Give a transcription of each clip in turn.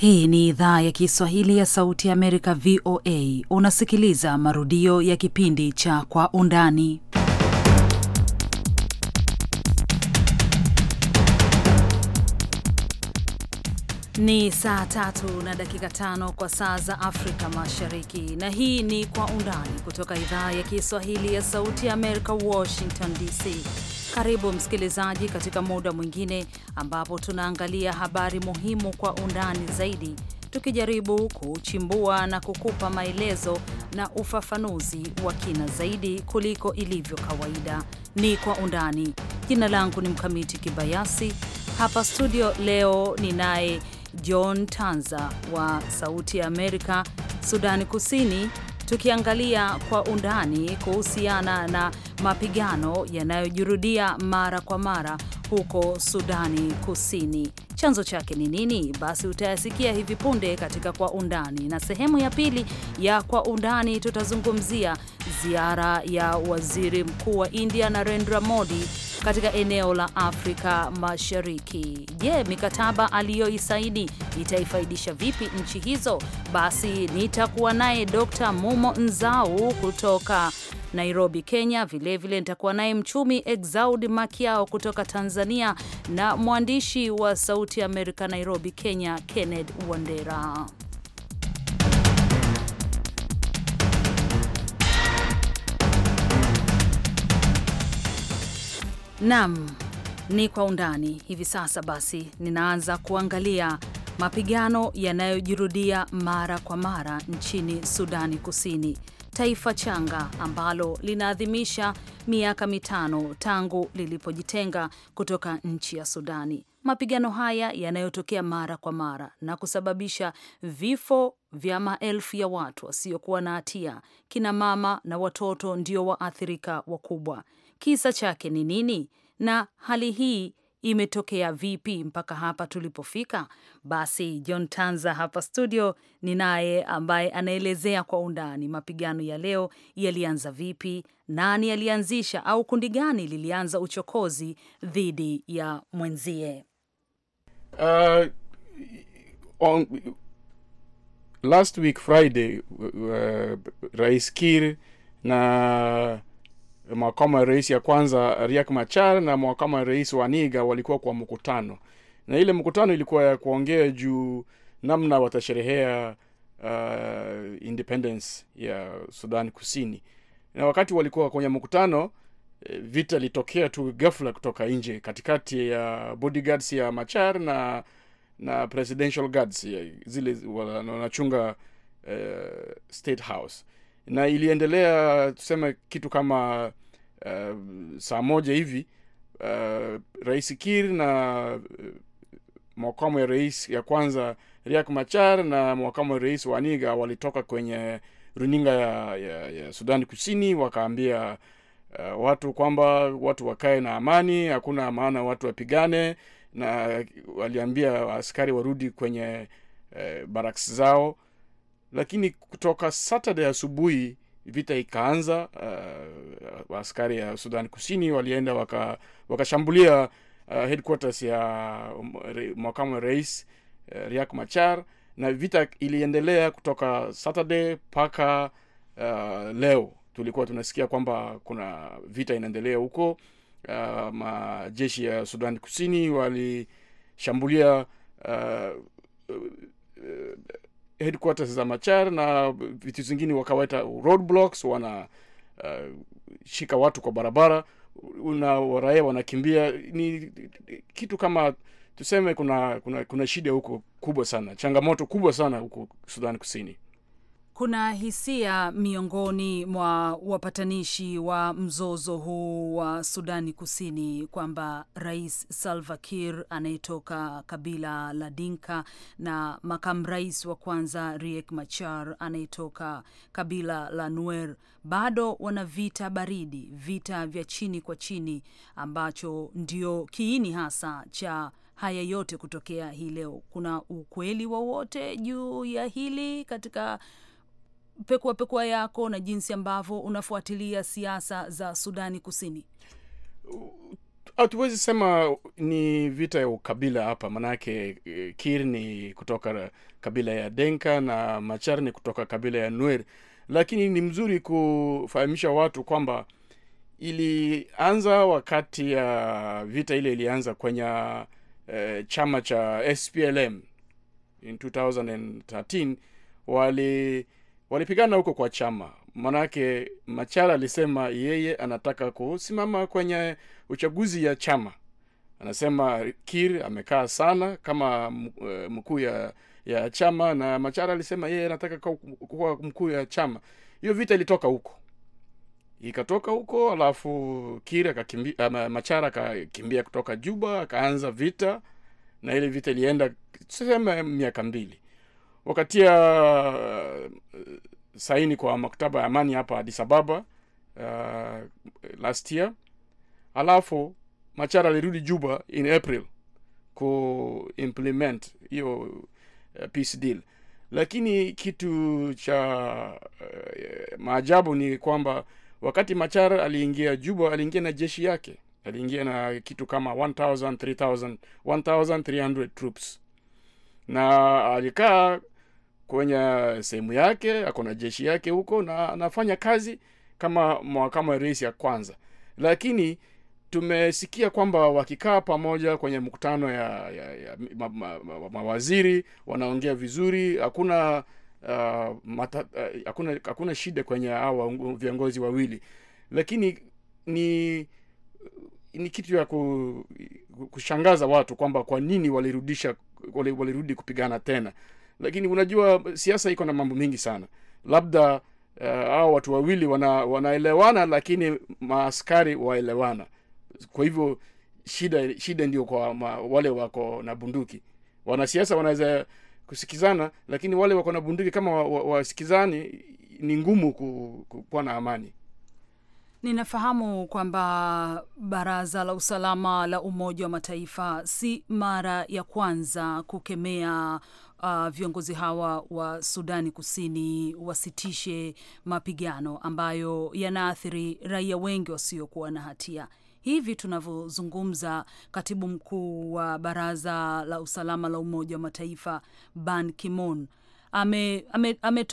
Hii ni idhaa ya Kiswahili ya Sauti ya Amerika, VOA. Unasikiliza marudio ya kipindi cha Kwa Undani. Ni saa tatu na dakika tano kwa saa za Afrika Mashariki, na hii ni Kwa Undani kutoka idhaa ya Kiswahili ya Sauti ya Amerika, Washington DC. Karibu msikilizaji, katika muda mwingine ambapo tunaangalia habari muhimu kwa undani zaidi, tukijaribu kuchimbua na kukupa maelezo na ufafanuzi wa kina zaidi kuliko ilivyo kawaida. Ni Kwa Undani. Jina langu ni Mkamiti Kibayasi. Hapa studio leo ninaye John Tanza wa Sauti ya Amerika, Sudani Kusini, tukiangalia kwa undani kuhusiana na mapigano yanayojirudia mara kwa mara huko Sudani Kusini. Chanzo chake ni nini? Basi utayasikia hivi punde katika Kwa Undani, na sehemu ya pili ya Kwa Undani tutazungumzia ziara ya waziri mkuu wa India Narendra Modi katika eneo la Afrika Mashariki. Je, mikataba aliyoisaini itaifaidisha vipi nchi hizo? Basi nitakuwa naye Dr. Mumo Nzau kutoka Nairobi, Kenya. Vilevile nitakuwa naye mchumi Exaud Makiao kutoka Tanzania na mwandishi wa Sauti ya Amerika Nairobi, Kenya, Kenneth Wandera. Naam, ni kwa undani hivi sasa. Basi ninaanza kuangalia mapigano yanayojirudia mara kwa mara nchini Sudani Kusini, taifa changa ambalo linaadhimisha miaka mitano tangu lilipojitenga kutoka nchi ya Sudani. Mapigano haya yanayotokea mara kwa mara na kusababisha vifo vya maelfu ya watu wasiokuwa na hatia. Kina mama na watoto ndio waathirika wakubwa. Kisa chake ni nini? Na hali hii imetokea vipi mpaka hapa tulipofika? Basi John Tanza hapa studio ni naye ambaye anaelezea kwa undani mapigano ya leo yalianza vipi, nani alianzisha, au kundi gani lilianza uchokozi dhidi ya mwenzie. Uh, on, last week Friday, uh, Rais Kir na makamu ya rais ya kwanza riak Machar na makamu ya rais wa niga walikuwa kwa mkutano, na ile mkutano ilikuwa ya kuongea juu namna watasherehea uh, independence ya Sudan Kusini. Na wakati walikuwa kwenye mkutano, eh, vita ilitokea tu gafla kutoka nje katikati ya bodyguards ya Machar na na presidential guards ya, eh, zile wanachunga uh, state house na iliendelea tuseme kitu kama uh, saa moja hivi uh, rais Kir na uh, makamu ya rais ya kwanza riak Machar na makamu wa rais Waniga walitoka kwenye runinga ya, ya, ya Sudani Kusini wakaambia uh, watu kwamba watu wakae na amani, hakuna maana watu wapigane, na waliambia askari warudi kwenye uh, baraks zao lakini kutoka saturday asubuhi vita ikaanza uh, askari ya sudan kusini walienda wakashambulia waka, uh, headquarters ya um, makamu wa rais uh, riak machar na vita iliendelea kutoka saturday mpaka uh, leo tulikuwa tunasikia kwamba kuna vita inaendelea huko uh, majeshi ya sudan kusini walishambulia uh, uh, uh, headquarters za Machar na vitu zingine, wakawaita roadblocks, wanashika uh, watu kwa barabara na raia wanakimbia. Ni kitu kama tuseme, kuna kuna kuna shida huko kubwa sana, changamoto kubwa sana huko sudani Kusini kuna hisia miongoni mwa wapatanishi wa mzozo huu wa Sudani Kusini kwamba Rais Salva Kiir anayetoka kabila la Dinka na makamu rais wa kwanza Riek Machar anayetoka kabila la Nuer bado wana vita baridi, vita vya chini kwa chini, ambacho ndio kiini hasa cha haya yote kutokea hii leo. Kuna ukweli wowote juu ya hili katika pekua pekua yako na jinsi ambavyo unafuatilia siasa za Sudani Kusini? Hatuwezi sema ni vita ya ukabila hapa, manake e, Kir ni kutoka kabila ya Denka na Machar ni kutoka kabila ya Nuer, lakini ni mzuri kufahamisha watu kwamba ilianza wakati ya vita ile ilianza kwenye eh, chama cha SPLM in 2013 wali walipigana huko kwa chama manake machara alisema yeye anataka kusimama kwenye uchaguzi ya chama anasema kir amekaa sana kama e, mkuu ya, ya chama na machara alisema yeye anataka kuwa mkuu ya chama hiyo vita ilitoka huko ikatoka huko alafu kir machara akakimbia kutoka juba akaanza vita na ile vita ilienda tuseme miaka mbili wakatia eh, saini kwa maktaba ya amani hapa adisababa uh, eh, last year. Alafu Machar alirudi Juba in April ku implement hiyo uh, peace deal, lakini kitu cha uh, maajabu ni kwamba wakati Machar aliingia Juba, aliingia na jeshi yake, aliingia na kitu kama 1300 troops na alikaa kwenye sehemu yake ako na jeshi yake huko na anafanya kazi kama ya rais ya kwanza lakini tumesikia kwamba wakikaa pamoja kwenye mkutano ya, ya, ya ma, ma, ma, mawaziri wanaongea vizuri hakuna uh, mata, uh, hakuna hakuna shida kwenye hawa viongozi wawili lakini ni ni kitu ya kushangaza watu kwamba kwa nini walirudisha walirudi kupigana tena lakini unajua siasa iko na mambo mengi sana labda uh, eh, au watu wawili wana, wanaelewana lakini maaskari waelewana kwa hivyo shida shida ndio kwa ma, wale wako na bunduki wanasiasa wanaweza kusikizana lakini wale wako na bunduki kama wasikizani wa, wa ni ngumu kuwa na amani Ninafahamu kwamba Baraza la Usalama la Umoja wa Mataifa si mara ya kwanza kukemea uh, viongozi hawa wa Sudani Kusini wasitishe mapigano ambayo yanaathiri raia wengi wasiokuwa na hatia. Hivi tunavyozungumza, katibu mkuu wa Baraza la Usalama la Umoja wa Mataifa Ban Ki-moon ametoa ame, ame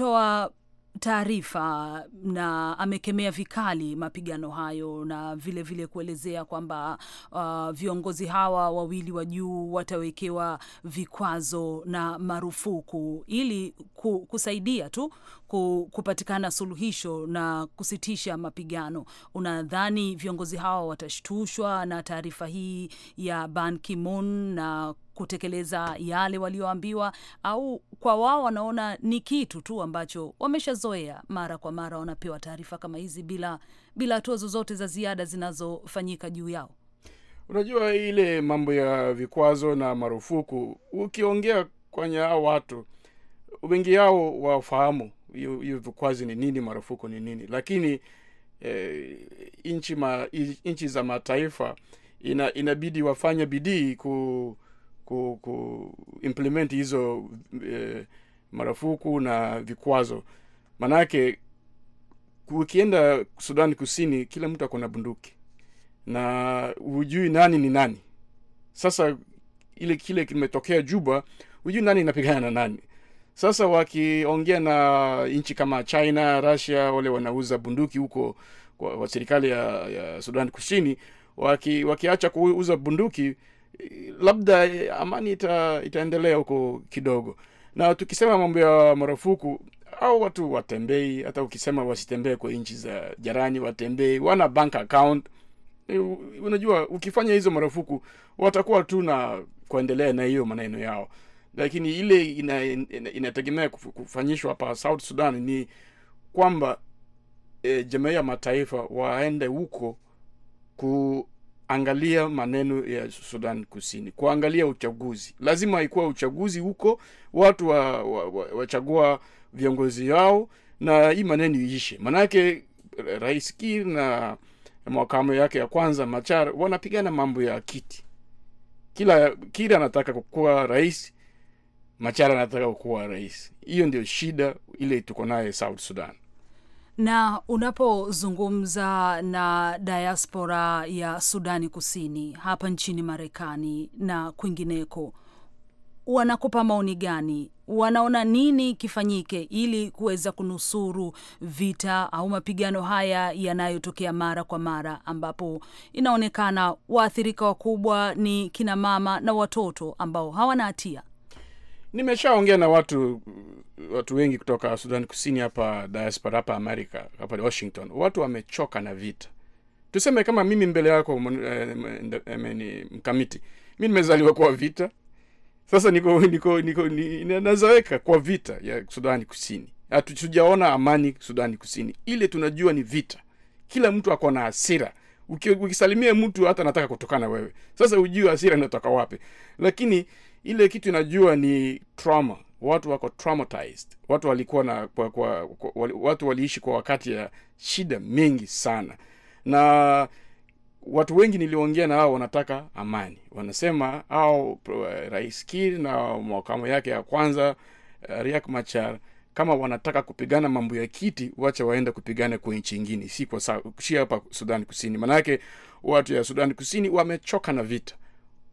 taarifa na amekemea vikali mapigano hayo na vilevile vile kuelezea kwamba uh, viongozi hawa wawili wa juu watawekewa vikwazo na marufuku ili kusaidia tu kupatikana suluhisho na kusitisha mapigano. Unadhani viongozi hawa watashtushwa na taarifa hii ya Ban Ki-moon na kutekeleza yale walioambiwa, au kwa wao wanaona ni kitu tu ambacho wameshazoea, mara kwa mara wanapewa taarifa kama hizi bila bila hatua zozote za ziada zinazofanyika juu yao? Unajua, ile mambo ya vikwazo na marufuku, ukiongea kwenye hao watu wengi yao wafahamu hiyo vikwazi ni nini marufuku ni nini lakini eh, nchi ma, nchi za mataifa ina, inabidi wafanye bidii ku, ku, ku hizo eh, marufuku na vikwazo manake ukienda sudan kusini kila mtu akona bunduki na hujui nani ni nani sasa ile kile kimetokea juba hujui nani inapigana na nani sasa wakiongea na nchi kama China, Russia, wale wanauza bunduki huko kwa, kwa serikali ya, ya Sudan Kusini, waki, wakiacha kuuza bunduki labda amani ita, itaendelea huko kidogo. Na tukisema mambo ya marufuku au watu watembei, hata ukisema wasitembee kwa nchi za jarani watembei wana bank account. Unajua, ukifanya hizo marufuku watakuwa tu na kuendelea na hiyo maneno yao lakini ile inategemea ina, ina kufanyishwa hapa South Sudan ni kwamba e, jamii ya mataifa waende huko kuangalia maneno ya Sudan Kusini, kuangalia uchaguzi. Lazima ikuwa uchaguzi huko, watu wachagua wa, wa, wa viongozi wao na hii maneno iishe, manake Rais kir na mwakamo yake ya kwanza Machar wanapigana mambo ya kiti. Kila Kiir anataka kuwa rahisi machara anataka kuwa rais. Hiyo ndio shida ile tuko naye South Sudan. Na unapozungumza na diaspora ya Sudani Kusini hapa nchini Marekani na kwingineko, wanakupa maoni gani? Wanaona nini kifanyike ili kuweza kunusuru vita au mapigano haya yanayotokea mara kwa mara, ambapo inaonekana waathirika wakubwa ni kina mama na watoto ambao hawana hatia? nimeshaongea na watu watu wengi kutoka sudan kusini hapa diaspora hapa amerika hapa washington watu wamechoka na vita tuseme kama mimi mbele yako eh, eh, eh, mkamiti mi nimezaliwa kwa vita sasa niko niko niko nazaweka kwa vita ya sudani kusini hatujaona amani sudani kusini ile tunajua ni vita kila mtu ako na hasira ukisalimia mtu hata anataka kutokana wewe sasa ujui hasira inatoka wapi lakini ile kitu inajua ni trauma watu wako traumatized watu walikuwa na kwa, kwa, kwa, watu waliishi kwa wakati ya shida mengi sana na watu wengi niliongea na hao wanataka amani wanasema au eh, rais kir na mwakamo yake ya kwanza eh, riak machar kama wanataka kupigana mambo ya kiti wacha waenda kupigana kwa nchi ingine si kwa hapa sudani kusini manake watu ya sudani kusini wamechoka na vita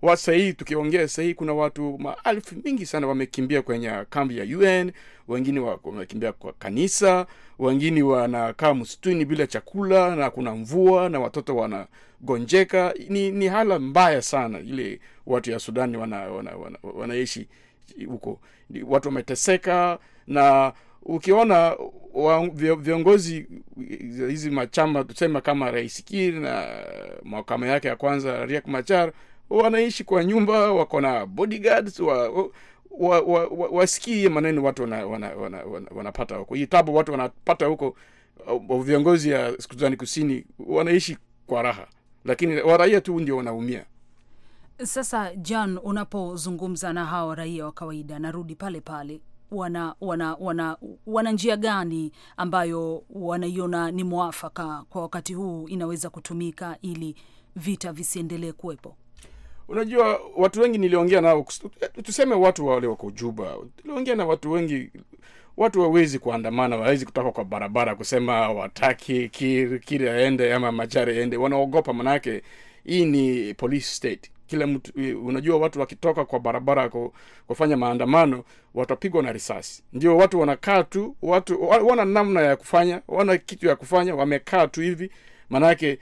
wa sahii tukiongea sahii kuna watu maalfu mingi sana wamekimbia kwenye kambi ya UN, wengine wamekimbia kwa kanisa, wengine wanakaa msituni bila chakula, na kuna mvua na watoto wanagonjeka. Ni, ni hala mbaya sana ile watu ya Sudani wanaishi wana, wana, wana huko, watu wameteseka na ukiona wa, viongozi hizi machama tusema kama Rais Kiir na mahakama yake ya kwanza Riek Machar wanaishi kwa nyumba wako na bodyguards wa wa, wa, wa, maneno watu wanapata wana, wana, wana, wana huko hii tabu watu wanapata huko viongozi ya sudani kusini wanaishi kwa raha lakini waraia tu ndio wanaumia sasa John, unapozungumza na hawa raia wa kawaida, narudi pale pale, wana wana wana wana njia gani ambayo wanaiona ni mwafaka kwa wakati huu inaweza kutumika ili vita visiendelee kuwepo? Unajua, watu wengi niliongea nao, tuseme watu wale wako Juba, niliongea na watu wengi watu wawezi kuandamana, wawezi kutoka kwa barabara kusema wataki Kiri, Kiri aende ama Machari aende. Wanaogopa, manake hii ni police state. Kila mtu unajua, watu wakitoka kwa barabara kufanya maandamano watapigwa na risasi. Ndio watu wanakaa tu, watu wana namna ya kufanya, wana kitu ya kufanya, wamekaa tu hivi manake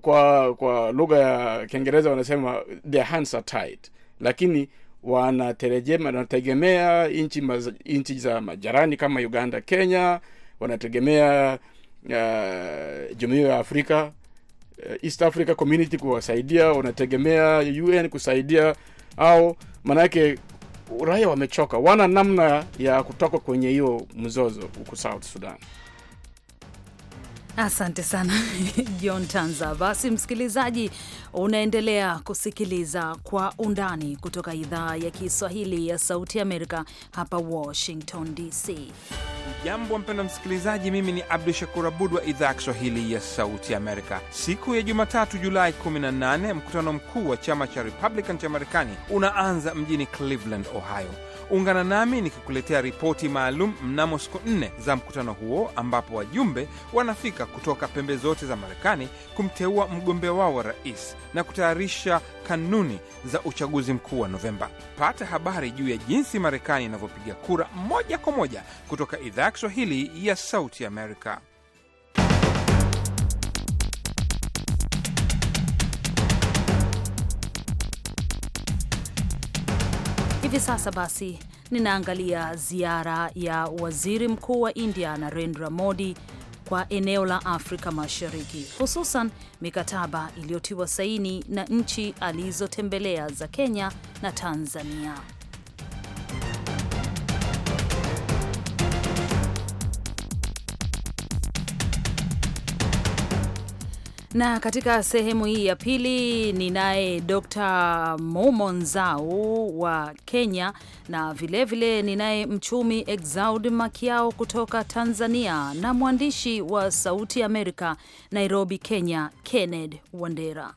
kwa kwa lugha ya Kiingereza wanasema their hands are tied, lakini wanategemea nchi nchi za majarani kama Uganda, Kenya, wanategemea uh, jumuia ya Afrika uh, East Africa Community kuwasaidia, wanategemea UN kusaidia au manake raia wamechoka, wana namna ya kutoka kwenye hiyo mzozo huku South Sudan. Asante sana John Tanza. Basi msikilizaji, unaendelea kusikiliza Kwa Undani kutoka idhaa ya Kiswahili ya Sauti ya Amerika hapa Washington DC. Jambo mpendwa msikilizaji, mimi ni Abdu Shakur Abud wa idhaa ya Kiswahili ya Sauti Amerika. Siku ya Jumatatu, Julai 18, mkutano mkuu wa chama cha Republican cha Marekani unaanza mjini Cleveland, Ohio Ungana nami nikikuletea ripoti maalum mnamo siku nne za mkutano huo, ambapo wajumbe wanafika kutoka pembe zote za Marekani kumteua mgombea wao wa rais na kutayarisha kanuni za uchaguzi mkuu wa Novemba. Pata habari juu ya jinsi Marekani inavyopiga kura moja kwa moja kutoka idhaa ya Kiswahili ya Sauti Amerika. Hivi sasa basi ninaangalia ziara ya waziri mkuu wa India Narendra Modi kwa eneo la Afrika Mashariki, hususan mikataba iliyotiwa saini na nchi alizotembelea za Kenya na Tanzania. Na katika sehemu hii ya pili ninaye Dr. Momo Nzau wa Kenya na vilevile ninaye mchumi Exaud Makiao kutoka Tanzania na mwandishi wa Sauti Amerika Nairobi, Kenya, Kenneth Wandera.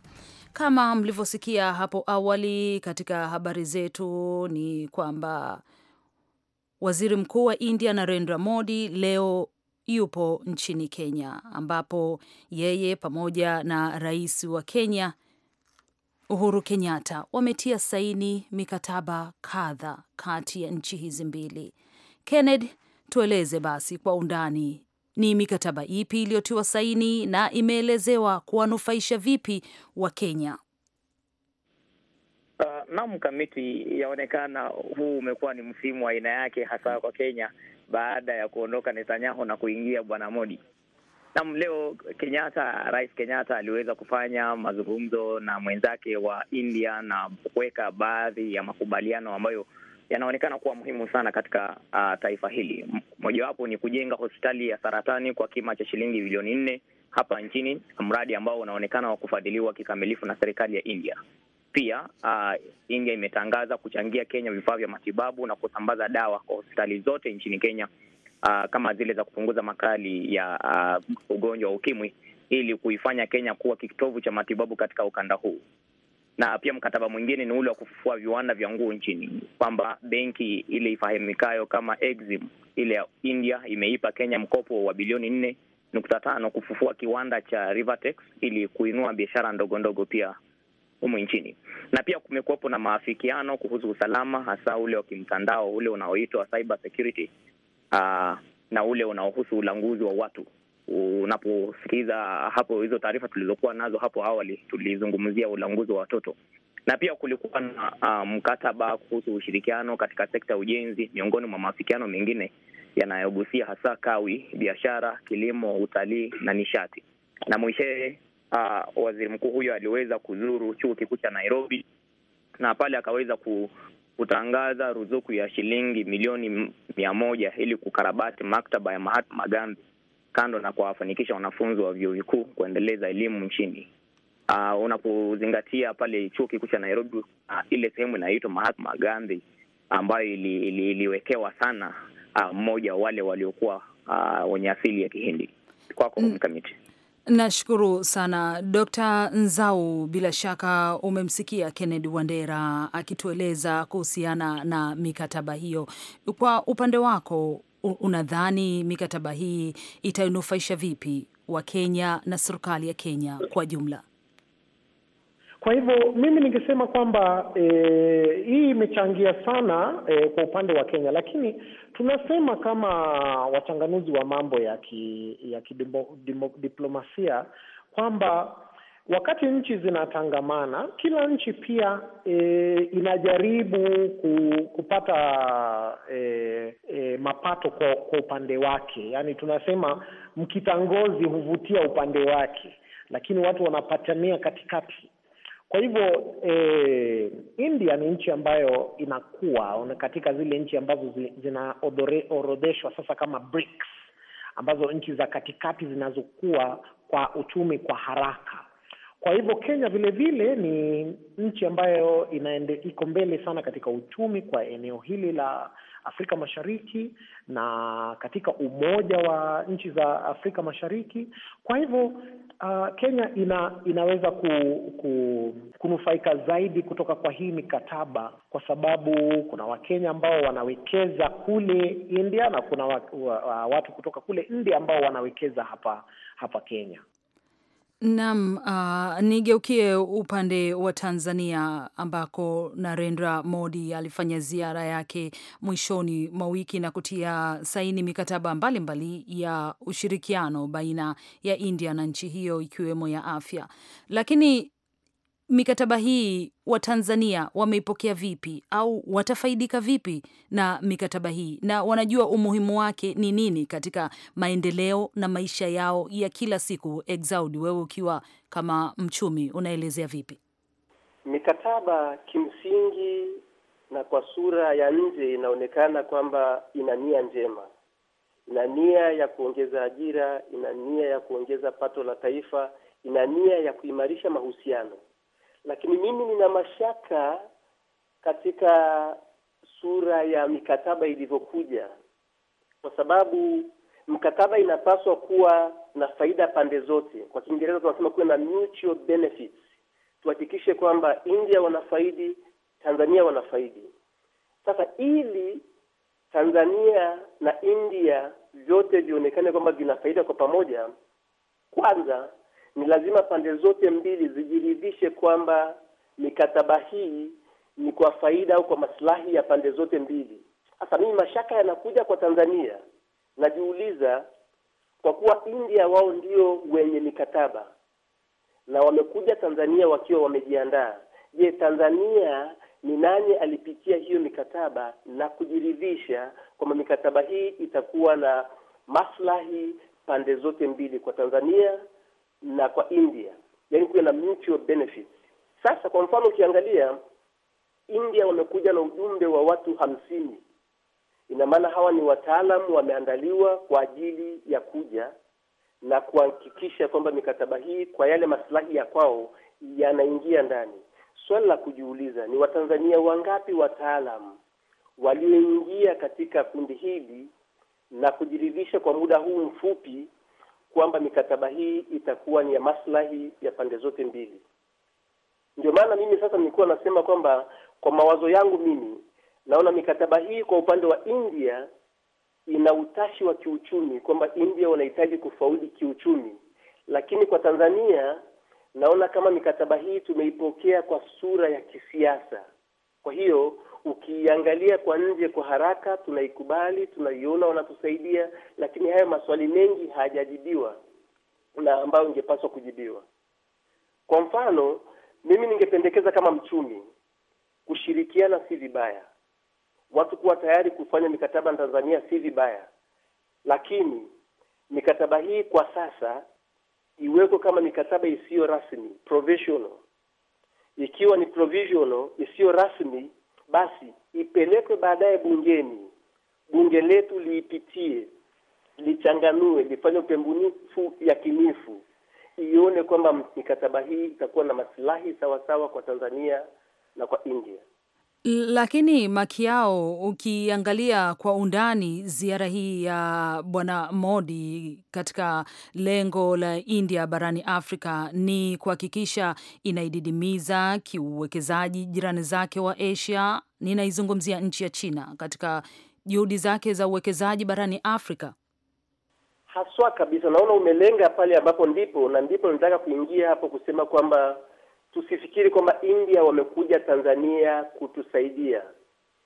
Kama mlivyosikia hapo awali katika habari zetu ni kwamba Waziri Mkuu wa India Narendra Modi leo yupo nchini Kenya, ambapo yeye pamoja na rais wa Kenya Uhuru Kenyatta wametia saini mikataba kadha kati ya nchi hizi mbili. Kenneth, tueleze basi kwa undani ni mikataba ipi iliyotiwa saini na imeelezewa kuwanufaisha vipi wa Kenya? Uh, naam, kamiti yaonekana huu umekuwa ni msimu wa aina yake hasa kwa Kenya baada ya kuondoka Netanyahu na kuingia bwana Modi. Naam, leo Kenyatta, Rais Kenyatta aliweza kufanya mazungumzo na mwenzake wa India na kuweka baadhi ya makubaliano ambayo yanaonekana kuwa muhimu sana katika uh, taifa hili. Mojawapo ni kujenga hospitali ya saratani kwa kima cha shilingi bilioni nne hapa nchini, mradi ambao unaonekana wa kufadhiliwa kikamilifu na serikali ya India. Pia uh, India imetangaza kuchangia Kenya vifaa vya matibabu na kusambaza dawa kwa hospitali zote nchini Kenya, uh, kama zile za kupunguza makali ya uh, ugonjwa wa ukimwi ili kuifanya Kenya kuwa kitovu cha matibabu katika ukanda huu. Na pia mkataba mwingine ni ule wa kufufua viwanda vya nguo nchini, kwamba benki ile ifahamikayo kama Exim ile ya India imeipa Kenya mkopo wa bilioni nne nukta tano kufufua kiwanda cha Rivertex ili kuinua biashara ndogo ndogo pia humu nchini, na pia kumekuwepo na maafikiano kuhusu usalama, hasa ule wa kimtandao, ule unaoitwa cyber security uh, na ule unaohusu ulanguzi wa watu. Unaposikiza hapo hizo taarifa tulizokuwa nazo hapo awali, tulizungumzia ulanguzi wa watoto na pia kulikuwa na uh, mkataba kuhusu ushirikiano katika sekta ya ujenzi, miongoni mwa maafikiano mengine yanayogusia hasa kawi, biashara, kilimo, utalii na nishati. Na mwishee uh, waziri mkuu huyo aliweza kuzuru chuo kikuu cha Nairobi na pale akaweza ku, kutangaza ruzuku ya shilingi milioni mia moja ili kukarabati maktaba ya Mahatma Gandhi, kando na kuwafanikisha wanafunzi wa vyuo vikuu kuendeleza elimu nchini. Uh, unapozingatia pale chuo kikuu cha Nairobi, uh, ile sehemu inayoitwa Mahatma Gandhi ambayo ili, ili, iliwekewa sana mmoja uh, wale waliokuwa uh, wenye asili ya Kihindi. Kwako mm. mkamiti. Nashukuru sana Dr. Nzau. Bila shaka umemsikia Kennedy Wandera akitueleza kuhusiana na mikataba hiyo. Kwa upande wako, unadhani mikataba hii itainufaisha vipi Wakenya na serikali ya Kenya kwa jumla? Kwa hivyo mimi ningesema kwamba e, hii imechangia sana e, kwa upande wa Kenya, lakini tunasema kama wachanganuzi wa mambo ya ki, ya kidiplomasia kwamba wakati nchi zinatangamana, kila nchi pia e, inajaribu ku, kupata e, e, mapato kwa, kwa upande wake. Yaani tunasema mkitangozi huvutia upande wake, lakini watu wanapatania katikati kwa hivyo eh, India ni nchi ambayo inakuwa katika zile nchi ambazo zinaorodheshwa sasa kama BRICS, ambazo nchi za katikati zinazokuwa kwa uchumi kwa haraka. Kwa hivyo Kenya vile vile ni nchi ambayo inaende, iko mbele sana katika uchumi kwa eneo hili la Afrika Mashariki na katika umoja wa nchi za Afrika Mashariki. Kwa hivyo uh, Kenya ina, inaweza ku, ku, kunufaika zaidi kutoka kwa hii mikataba kwa sababu kuna Wakenya ambao wanawekeza kule India na kuna wa, wa, wa, watu kutoka kule India ambao wanawekeza hapa hapa Kenya. Naam, uh, nigeukie upande wa Tanzania ambako Narendra Modi alifanya ziara yake mwishoni mwa wiki na kutia saini mikataba mbalimbali mbali ya ushirikiano baina ya India na nchi hiyo ikiwemo ya afya. Lakini mikataba hii Watanzania wameipokea vipi au watafaidika vipi na mikataba hii, na wanajua umuhimu wake ni nini katika maendeleo na maisha yao ya kila siku? Exaudi, wewe ukiwa kama mchumi unaelezea vipi mikataba? Kimsingi na kwa sura ya nje inaonekana kwamba ina nia njema, ina nia ya kuongeza ajira, ina nia ya kuongeza pato la taifa, ina nia ya kuimarisha mahusiano lakini mimi nina mashaka katika sura ya mikataba ilivyokuja, kwa sababu mkataba inapaswa kuwa na faida pande zote. Kwa Kiingereza tunasema kuwe na mutual benefits, tuhakikishe kwamba India wanafaidi, Tanzania wanafaidi. Sasa ili Tanzania na India vyote vionekane kwamba vina faida kwa pamoja, kwanza ni lazima pande zote mbili zijiridhishe kwamba mikataba hii ni kwa faida au kwa maslahi ya pande zote mbili. Sasa mimi mashaka yanakuja kwa Tanzania, najiuliza kwa kuwa India wao ndio wenye mikataba na wamekuja Tanzania wakiwa wamejiandaa. Je, Tanzania ni nani alipitia hiyo mikataba na kujiridhisha kwamba mikataba hii itakuwa na maslahi pande zote mbili, kwa Tanzania na kwa India, yani kuwe na mutual benefit. Sasa kwa mfano ukiangalia India wamekuja na ujumbe wa watu hamsini. Ina maana hawa ni wataalamu wameandaliwa kwa ajili ya kuja na kuhakikisha kwamba mikataba hii kwa yale maslahi ya kwao yanaingia ndani. Swali la kujiuliza ni Watanzania wangapi wataalamu walioingia katika kundi hili na kujiridhisha kwa muda huu mfupi kwamba mikataba hii itakuwa ni ya maslahi ya pande zote mbili. Ndio maana mimi sasa nilikuwa nasema kwamba kwa mawazo yangu mimi naona mikataba hii kwa upande wa India ina utashi wa kiuchumi, kwamba India wanahitaji kufaudi kiuchumi, lakini kwa Tanzania naona kama mikataba hii tumeipokea kwa sura ya kisiasa. Kwa hiyo ukiangalia kwa nje kwa haraka tunaikubali, tunaiona wanatusaidia, lakini haya maswali mengi hayajajibiwa na ambayo ingepaswa kujibiwa. Kwa mfano, mimi ningependekeza kama mchumi, kushirikiana si vibaya, watu kuwa tayari kufanya mikataba na Tanzania si vibaya, lakini mikataba hii kwa sasa iwekwe kama mikataba isiyo rasmi provisional. Ikiwa ni provisional isiyo rasmi basi ipelekwe baadaye bungeni, bunge letu liipitie, lichanganue, lifanye upembunifu yakinifu, ione kwamba mikataba hii itakuwa na masilahi sawasawa kwa Tanzania na kwa India. Lakini Makiao, ukiangalia kwa undani ziara hii ya bwana Modi katika lengo la India barani Afrika ni kuhakikisha inaididimiza kiuwekezaji jirani zake wa Asia. Ninaizungumzia nchi ya China katika juhudi zake za uwekezaji barani Afrika haswa kabisa. Naona umelenga pale ambapo ndipo na ndipo nataka kuingia hapo kusema kwamba tusifikiri kwamba India wamekuja Tanzania kutusaidia.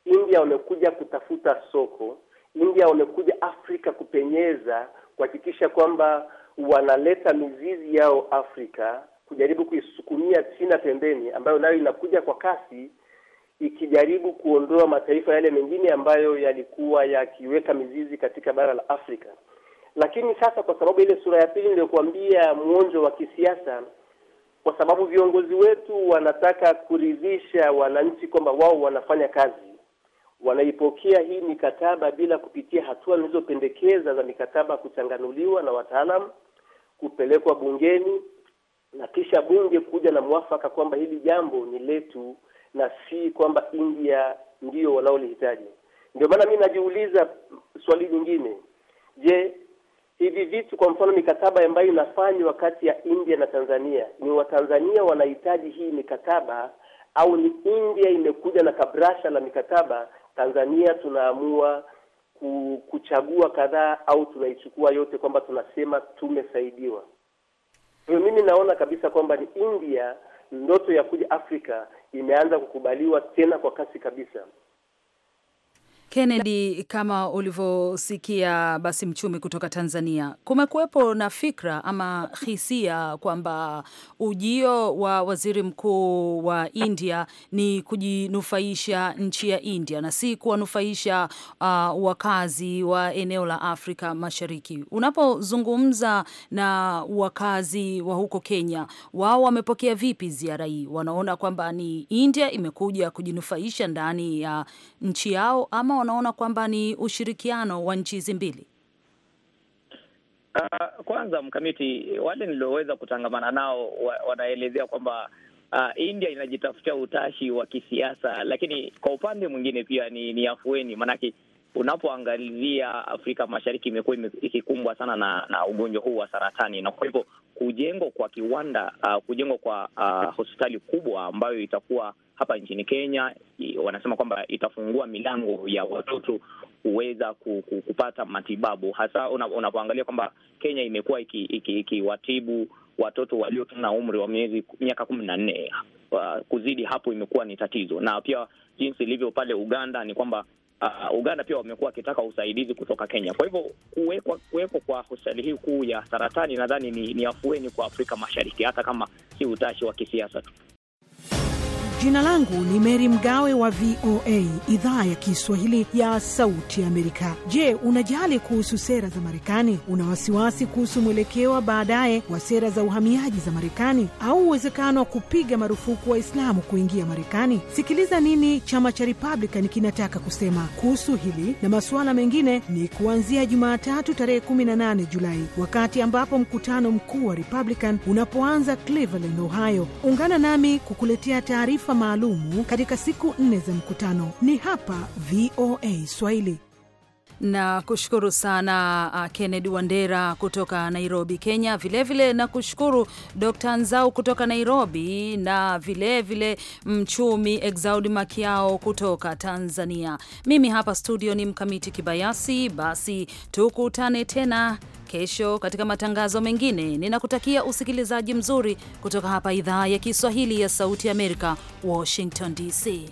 India wamekuja kutafuta soko. India wamekuja Afrika kupenyeza, kuhakikisha kwamba wanaleta mizizi yao Afrika, kujaribu kuisukumia China pembeni, ambayo nayo inakuja kwa kasi ikijaribu kuondoa mataifa yale mengine ambayo yalikuwa yakiweka mizizi katika bara la Afrika. Lakini sasa, kwa sababu ile sura ya pili niliyokuambia, mwonjo wa kisiasa kwa sababu viongozi wetu wanataka kuridhisha wananchi kwamba wao wanafanya kazi. Wanaipokea hii mikataba bila kupitia hatua zilizopendekeza za mikataba kuchanganuliwa na wataalam, kupelekwa bungeni na kisha bunge kuja na mwafaka kwamba hili jambo ni letu na si kwamba India ndio wanaolihitaji. Ndio maana mi najiuliza swali nyingine, je, hivi vitu. Kwa mfano mikataba ambayo inafanywa kati ya India na Tanzania, ni Watanzania wanahitaji hii mikataba au ni India imekuja na kabrasha la mikataba, Tanzania tunaamua kuchagua kadhaa au tunaichukua yote, kwamba tunasema tumesaidiwa. Hivyo mimi naona kabisa kwamba ni India, ndoto ya kuja Afrika imeanza kukubaliwa tena kwa kasi kabisa. Kennedy, kama ulivyosikia, basi mchumi kutoka Tanzania, kumekuwepo na fikra ama hisia kwamba ujio wa waziri mkuu wa India ni kujinufaisha nchi ya India na si kuwanufaisha uh, wakazi wa eneo la Afrika Mashariki. Unapozungumza na wakazi wa huko Kenya, wao wamepokea vipi ziara hii? Wanaona kwamba ni India imekuja kujinufaisha ndani ya nchi yao ama wanaona kwamba ni ushirikiano wa nchi hizi mbili? Uh, kwanza mkamiti, wale nilioweza kutangamana nao wanaelezea kwamba uh, India inajitafutia utashi wa kisiasa, lakini kwa upande mwingine pia ni, ni afueni maanake unapoangalia Afrika Mashariki imekuwa ikikumbwa sana na, na ugonjwa huu wa saratani, na kwa hivyo kujengwa kwa kiwanda uh, kujengwa kwa uh, hospitali kubwa ambayo itakuwa hapa nchini Kenya, wanasema kwamba itafungua milango ya watoto kuweza kupata matibabu, hasa unapoangalia kwamba Kenya imekuwa ikiwatibu iki, iki watoto walio na umri wa miezi miaka kumi na nne. Uh, kuzidi hapo imekuwa ni tatizo, na pia jinsi ilivyo pale Uganda ni kwamba uh, Uganda pia wamekuwa wakitaka usaidizi kutoka Kenya. Kwa hivyo kuwekwa kuwepo kwa hospitali hii kuu ya saratani nadhani ni, ni afueni kwa Afrika Mashariki, hata kama si utashi wa kisiasa tu. Jina langu ni Meri Mgawe wa VOA idhaa ya Kiswahili ya Sauti Amerika. Je, unajali kuhusu sera za Marekani? Una wasiwasi kuhusu mwelekeo wa baadaye wa sera za uhamiaji za Marekani au uwezekano wa kupiga marufuku Waislamu kuingia Marekani? Sikiliza nini chama cha Republican kinataka kusema kuhusu hili na masuala mengine, ni kuanzia Jumatatu tarehe 18 Julai, wakati ambapo mkutano mkuu wa Republican unapoanza Cleveland, Ohio. Ungana nami kukuletea taarifa taarifa maalumu katika siku nne za mkutano. Ni hapa VOA Swahili na kushukuru sana uh, Kennedy Wandera kutoka Nairobi, Kenya. Vilevile na kushukuru Dr. Nzau kutoka Nairobi na vilevile vile mchumi Exaudi Makiao kutoka Tanzania. Mimi hapa studio ni Mkamiti Kibayasi. Basi tukutane tena kesho katika matangazo mengine. Ninakutakia usikilizaji mzuri kutoka hapa idhaa ya Kiswahili ya Sauti ya Amerika, Washington DC.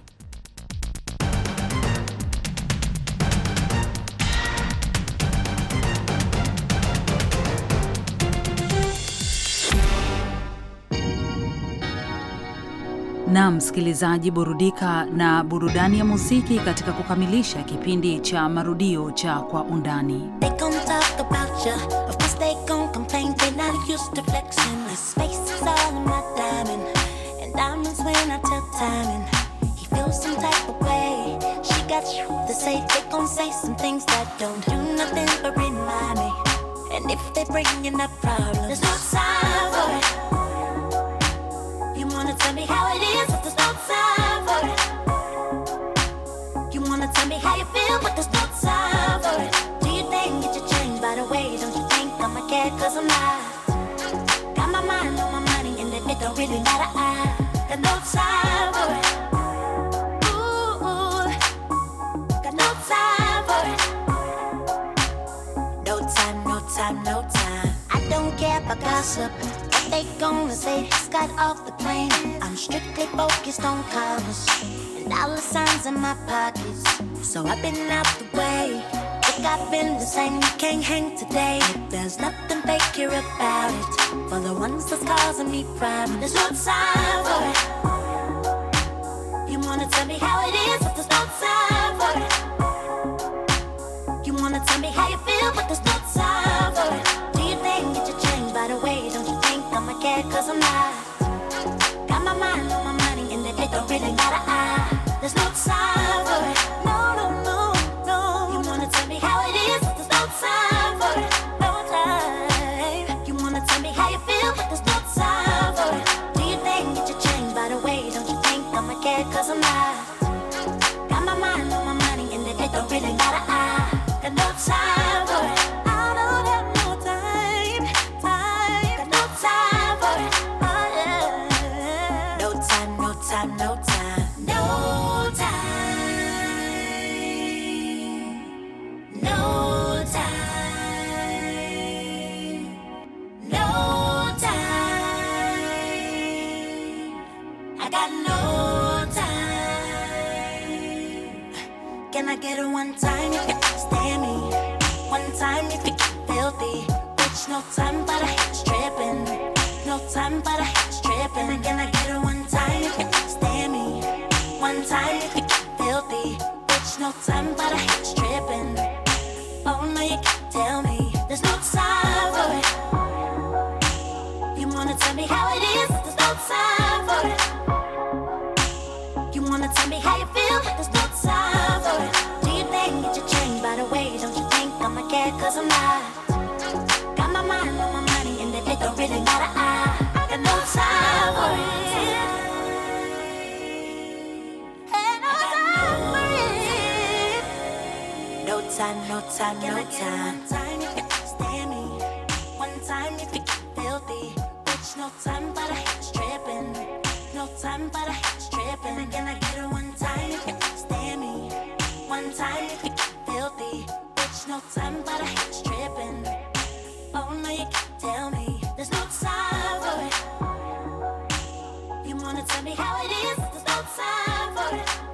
Na msikilizaji, burudika na burudani ya muziki katika kukamilisha kipindi cha marudio cha Kwa Undani. And if they problems, there's no time for it. tell me how it is, but there's no time for it. You wanna tell me how you feel, but there's no time for it. Do you think change by the way? Don't you think i am i I'm not. Got my mind on my money, and if it don't really matter, I got no time for it. ooh. Got no time for it. No time, no time, no time. I don't care about gossip they gonna say? Just got off the plane. I'm strictly focused on commas and all the signs in my pockets. So I've been out the way. Look, I've been the same. You can't hang today. If there's nothing fake here about it. For the ones that's causing me problems, there's no time for it. You wanna tell me how it is, but there's no time for it. You wanna tell me how you feel, but there's no There's no time. I got no time for it. no time No time, One time you can stand me. One time you get filthy. no time, No time, I get it one time you can stand me. One time you get filthy. no time, Oh no, you can't tell me. You wanna tell me how it is? There's no time for it.